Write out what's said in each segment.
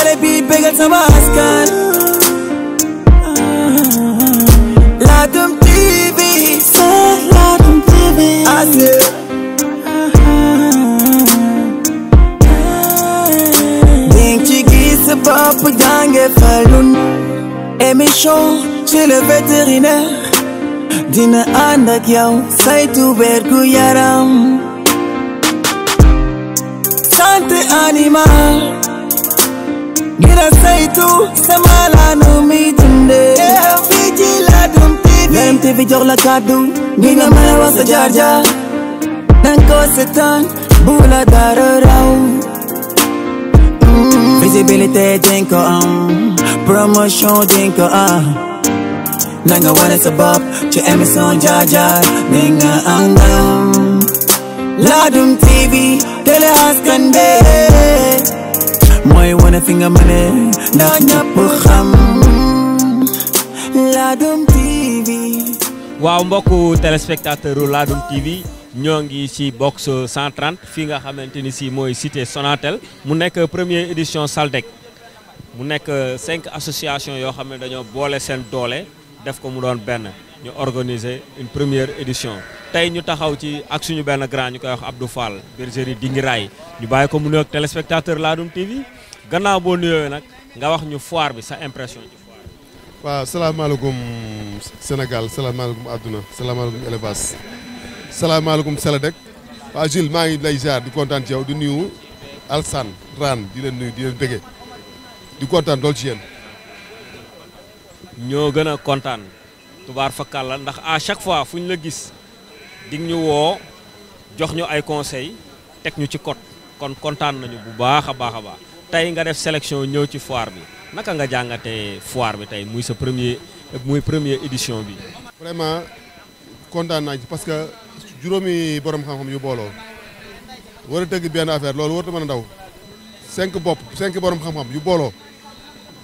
télé bi bégal sama askan Ladoum TV c'est Ladoum TV ning ci gis sa bopp jànge falun émission chez le vétérinaire dina ànd ak yow saytu wér animal ngir a sama laanu mi dundee. fii ci Ladoum TV. Ladoum TV jox la kàddu. mi nga mën a sa jaar jaar. Mm. nanga wane sa ci émission jaar jaar mi nga am ndam. Ladoum TV télé askan mooy wane fi nga mëne ndax ñëpp xam Ladoum TV. waaw mbokku téléspectateur Ladoum TV. ñoo ngi ci box 130 fii nga xamante ni si mooy cité Sonatel mu nekk premier édition Saldec mu nekk cinq associations yoo xam ne dañoo boole seen doole def ko mu doon benn ñu organiser une première édition tey ñu taxaw ci ak suñu benn grand ñu koy wax Abdou Fall bergerie Dingiraay ñu bàyyi ko mu nuyoog téléspectateur Ladoum TV. gannaaw boo nuyoo nag nga wax ñu foire bi sa impression ci foire bi. waaw salaamaaleykum Sénégal salaamaaleykum àdduna salaamaaleykum élevage salaamaaleykum Sénégal waaw maa ngi lay ziar di kontaan ci yow di nuyu Alsane Rane di leen nuyu di ci ñoo gën a kontaan tubaar fakkal la ndax à chaque fois fu ñu la gis dig ñu woo jox ñu ay conseils teg ñu ci code kon kontaan nañu bu baax a baax a baax. tey nga def sélection ñëw ci foir bi naka nga jàngatee foire bi tey muy sa premier muy premier édition bi. vraiment kontaan naa ci parce que juróomi borom xam-xam yu booloo war a tëgg benn affaire loolu warut a mën a cinq bopp cinq borom xam-xam yu booloo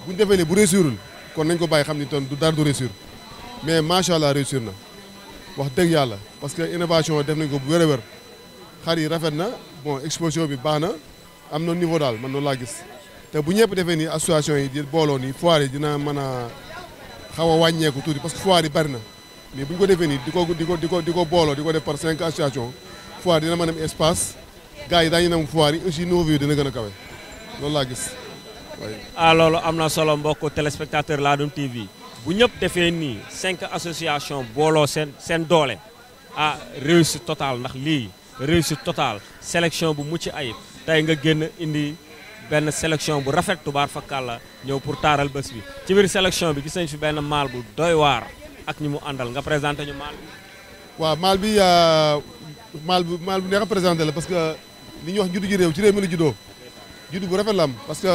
bu ñu defee nii bu réussirul kon nañ ko bàyyi xam ni ton du dara du réussir mais macha allah réussir na wax dëgg yàlla parce que innovation def nañ ko bu wér a wér xar yi rafet na bon exposition bi baa na. am na niveau daal man noonu laa gis te bu ñëpp defee nii association yi di booloo nii foire yi dina mën a xaw a wàññeeku tuuti parce que foire yi bari na mais bu ñu ko defee nii di ko di ko di ko di booloo di ko def par cinq association foire dina mën a am espace gars yi daañu nam foire yi aussi niveau yi dina gën a kawe loolu laa gis ah loolu am na solo mbokk téléspectateur Ladoum TV bu ñëpp defee nii cinq association booloo seen seen doole ah réussite totale ndax lii réussite totale sélection bu mucc ayib tey nga génn indi benn sélection bu rafet tubaar fakkàlla ñëw pour taaral bés bi ci biir sélection bi gis nañ fi benn maal bu doy waar ak ñi mu àndal nga présenté ñu maal waaw maal bi euh, maal bu maal bu neex a présenté la parce que li ñuy wax juddu ji réew ci réew mi la juddoo juddu bu rafet la am parce que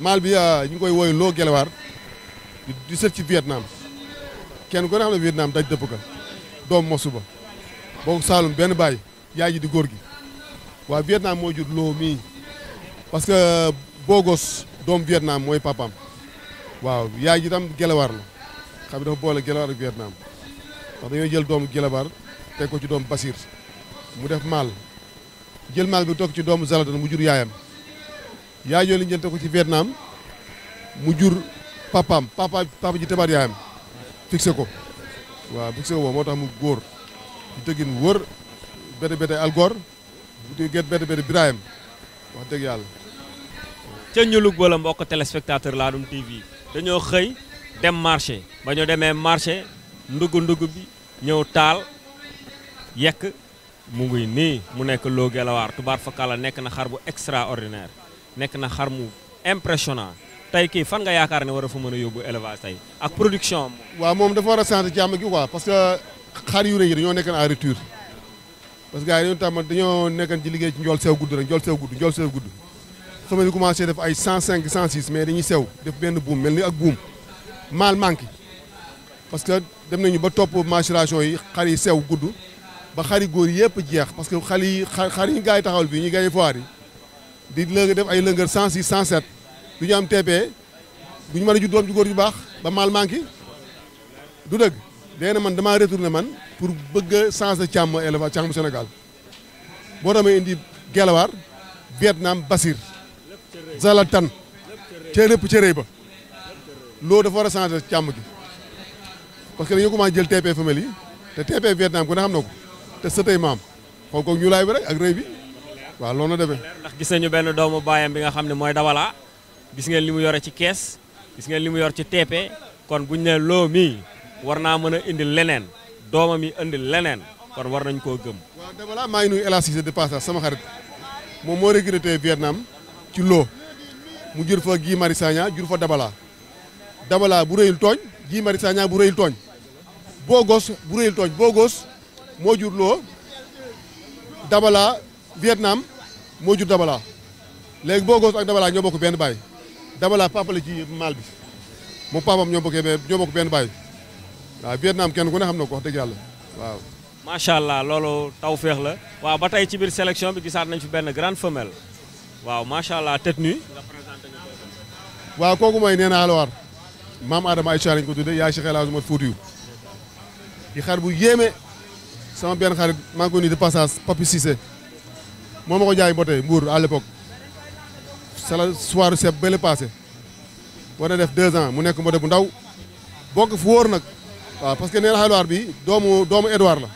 maal bi euh, ñu ngi koy wooyu loo gelewaar di sët ci Vietnam kenn ko ne xam ne Vietnam daj dëpp ka doom mosu ba boo Saalum benn baay yaay ji góor gi waaw Vietnam moo jur loo mii parce que Bogos doom Vietnam mooy papam waaw yaay ji tam gelewaar la xam ne boole gelewaar ak Vietnam ndax dañoo jël doomu gelewaar teg ko ci doomu Basir mu def maal jël maal bi toog ci doomu Zaladan mu jur yaayam yaay joo li jël teg ko ci Vietnam mu jur papaam papa papa ji tabaat yaayam fixé ko waaw fixé ko moo tax mu góor ñu tëggin wër bete bete algoor guddi get benn benn Birahim wax dëgg yàlla. ca ñulug wala mbokk téléspectateur Ladoum TV dañoo xëy dem marché ba ñu demee marché ndugg ndugg bi ñëw taal yekk mu ngi nii mu nekk Lo Guelewar tubaar fakala nekk na xar bu extraordinaire nekk na xar mu impressionnant tey kii fan nga yaakaar ne war a fa mën a yóbbu élevage tey ak production am. waaw moom dafa war a sant jàmm gi ko parce que xar yu rëy yi dañoo nekk en rupture. parce que gars yi dañoo tàmm dañoo nekkan ci liggéey ci njool sew gudd rek njool sew gudd njool sew gudd semaine bi commencé def ay 105 106 mais dañuy sew def benn buum mel ni ak buum maal manqué parce que dem nañu ba topp maturation yi xar yi sew gudd ba xari góor yëpp jeex parce que xar yi xar yi gars yi taxawal bii ñu gagné foire yi di lëng def ay lëngër 106 107 du ñu am TP du ñu mën a jur doom ju góor ju baax ba maal manqué du dëgg. nee na man damaa retourné man pour bëgg a changer càmm élevage càmm Sénégal boo demee indi Gelawaar Vietnam Basir Zalatan ca lépp ca ba loolu dafa war a changer càmm gi parce que dañoo commencé jël TP femelle yi te TP Vietnam ku ne xam na ko te sa tey maam xool ko ñu laay bi rek ak rëy bi waaw loolu la demee. ndax gis ñu benn doomu baayam bi nga xam ne mooy dawala gis nga li mu yore ci kees gis ngeen limu mu yor ci TP kon buñ ne loo mii. war naa mën a indi leneen doomam yi indi leneen kon war nañ koo gëm. waaw maa ngi nuyu El Hadj Cissé de passage sama xarit moom moo regretté Vietnam ci loo mu jur fa Guy Marius jur fa Dabala Dabala bu rëyul tooñ Guy Marius Sagna bu rëyul tooñ boo gos bu tooñ boo gos moo jur loo Dabala Vietnam moo jur Dabala léegi boo gos ak Dabala ñoo bokk benn baay Dabala papa la ci maal bi moom papam ñoo bokkee ñoo bokk benn bay waaw Vietnam kenn ku ne xam na ko wax dëgg yàlla waaw. macha allah loolu taw féex la. waaw ba tey ci biir sélection bi gisaat nañ fi benn grande femelle. waaw macha allah tête nue. waaw kooku mooy nee naa la war maam Adama Aïcha lañ ko tuddee yaay Cheikh El Hadj Oumar Foutiyou bu yéeme sama benn xarit maa ngi nii de passage Papi Cissé moom ma ko jaay bote Mbour à l'époque sala soir seeb bële passé war def deux ans mu nekk mbote bu ndaw bokk fu wóor nag. waaw parce que neen xayluwaar bi doomu doomu Edouard la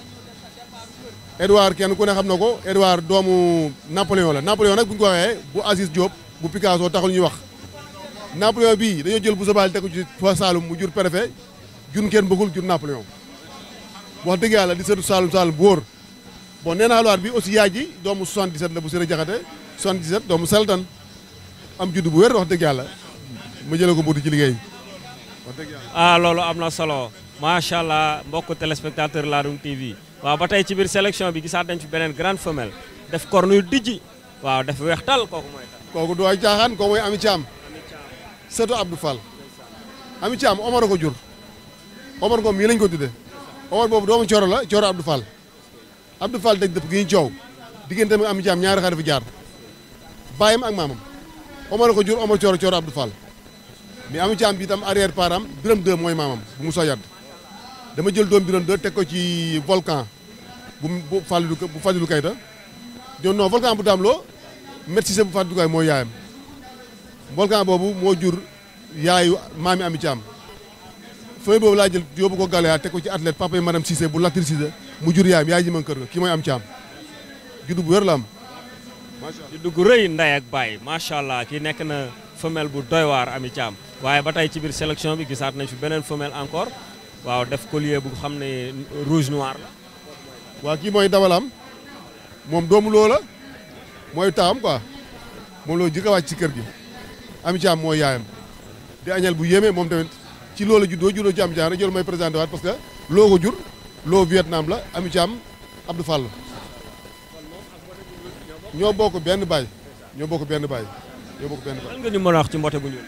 Edouard kenn ku ne xam na ko Edouard doomu Napoléon la Napoléon nag bu ñu ko waxee bu Aziz Diop bu Picasso taxul ñuy wax Napoléon bi dañoo jël bu sabal tegu ci fa Saalum mu jur préfet jun kenn bëggul jur Napoléon wax dëgg yàlla di seetu Saalum Saalum bu wóor bon nee naa luwaat bi aussi yaay ji doomu 77 la bu Sëriñ Jaxate 77 doomu Saltan am judd bu wér wax dëgg yàlla ma jëlee ko buuti ci liggéey wax dëgg ah, am na solo. macha allah mbokk téléspectateur Ladoum TV waaw ba tey ci biir sélection bi gisaat dañ fi beneen grande femelle def corne yu dijji waaw def weex tal kooku mooy tal. kooku du ay caaxaan kooku mooy Ami Thiam. sëtu Abdou Fall. Ami Thiam Omar ko jur. Omar Ngom yi lañ ko tuddee. Omar boobu doomu Coro la Coro Abdou Fall. Abdou Fall dëgg dëpp gi ñu coow diggante ak Ami Thiam ñaari xar fi jaar. bàyyam ak maamam. Omar ko jur Omar Coro Coro Abdou Fall. mais Ami am bi itam arrière param biram mooy maamam bu Moussa dama jël doom bi doo teg ko ci volcan bu bu Fallou bu Fadilou Keita ñoom non volcan bu daamloo médecin bu Fadilou mooy yaayam volcan boobu moo jur yaayu maami Ami Thiam feuille boobu laa jël yóbbu ko Galéa teg ko ci athlète papa yi madame Cissé bu Latir Cissé mu jur yaayam yaay ji man kër ga kii mooy Ami Thiam juddu bu wér la am. macha allah juddu gu rëy ndey baay macha kii nekk na femelle bu doy waar Ami Thiam waaye ba tey ci biir sélection bi gisaat nañ fi beneen femelle encore. waaw def collier bu xam ne rouge noir la. waaw kii mooy dabalam moom doomu loo mooy taam quoi moom loo jëkka wàcc ci kër gi am caam am mooy yaayam di añal bu yemee moom tamit ci loola juddoo juddoo ci am ci am rek jël may présenté waat parce que loo ko jur loo Vietnam la am ci am Abdou Fall ñoo bokk benn baay ñoo bokk benn baay ñoo bokk benn baay. lan nga ñu mën a wax ci mbote bu ñuul.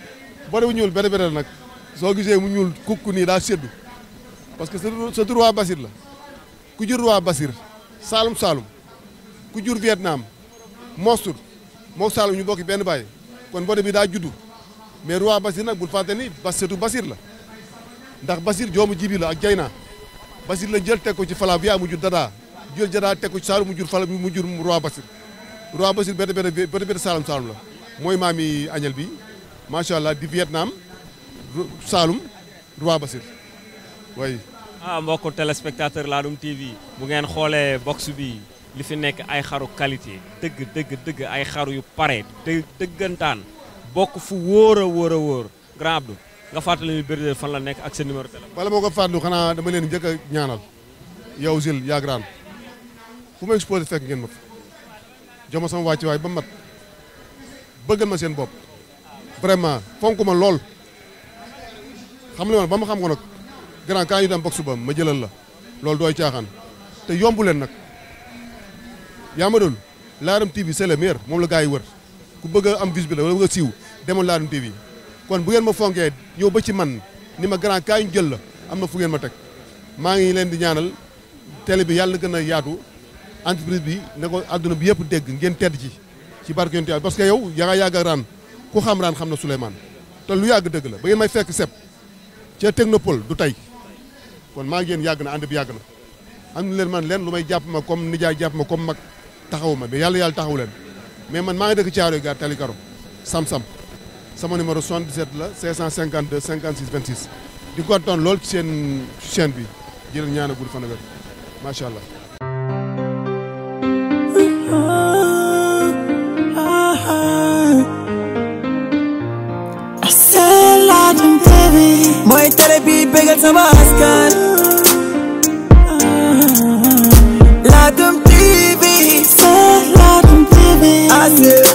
bu ñuul benn benn nag soo gisee mu ñuul kukk nii daa seddu. parce que sa tur waa la ku jur waa Basir Saalum Saalum ku jur Vietnam Mostur mook Saalum ñu bokki benn bàyyi kon bode bi daa juddu mais roi Basir nag bul fàtte ni bas la ndax Basir joomu jibi la ak Jayna Basir la jël teg ko ci Flavia mu jur Dadaa jël Dadaa teg ci Saalum mu jur Fala mu jur roi Basir roi Basir benn Saalum Saalum la mooy maami añel bi macha allah di Vietnam Saalum roi Basir ah mbokku téléspectateur Ladoum TV bu ngeen xoolee box bi li fi nekk ay xaru qualité dëgg dëgg dëgg ay xaru yu pare dë dëggantaan bokk fu wóor a wóor a wóor grand nga fàttali ñu Bergerie fan la nekk ak seen numéro téléphone. wala moo ko fàttali xanaa dama leen njëkk a ñaanal yow Zil yaa grand fu ma fekk ngeen ma fa jox ma sama wàcc ba mat bëggal ma seen bopp vraiment fonk ma lool xam nga ba ma xam ko nag. grand quand ñu dem box ba ma jëlal la loolu dooy caaxaan te yombu leen nag yaa ma doon Ladoum TV c'est le meilleur moom la gars yi wër ku bëgg am visibilité wala bëgg a siiw demal Ladoum TV kon bu ngeen ma fonkee yow ba ci man ni ma grand kaa ñu jël la am na fu ngeen ma teg maa ngi leen di ñaanal télé bi yàlla gën a yaatu entreprise bi na ko àdduna bi yëpp dégg ngeen tedd ci ci barke parce que yow yaa nga yàgg ku xam raan xam na Souleymane te lu yàgg dëgg la ba ngeen may fekk sep ca Technopole du tey kon maa ngi yéen yàgg na ànd bi yàgg na am leen man leen lu may jàpp ma comme nijaay jàpp ma comme mag taxaw ma mais yàlla yàlla taxaw leen mais man maa ngi dëkk Thiaroye Gare Tali Karo sam-sam sama numéro 77 la 552 56 26 di kontaan lool ci seen chaîne bi jërëjëf ñaana gudd fan ak macha allah. passé.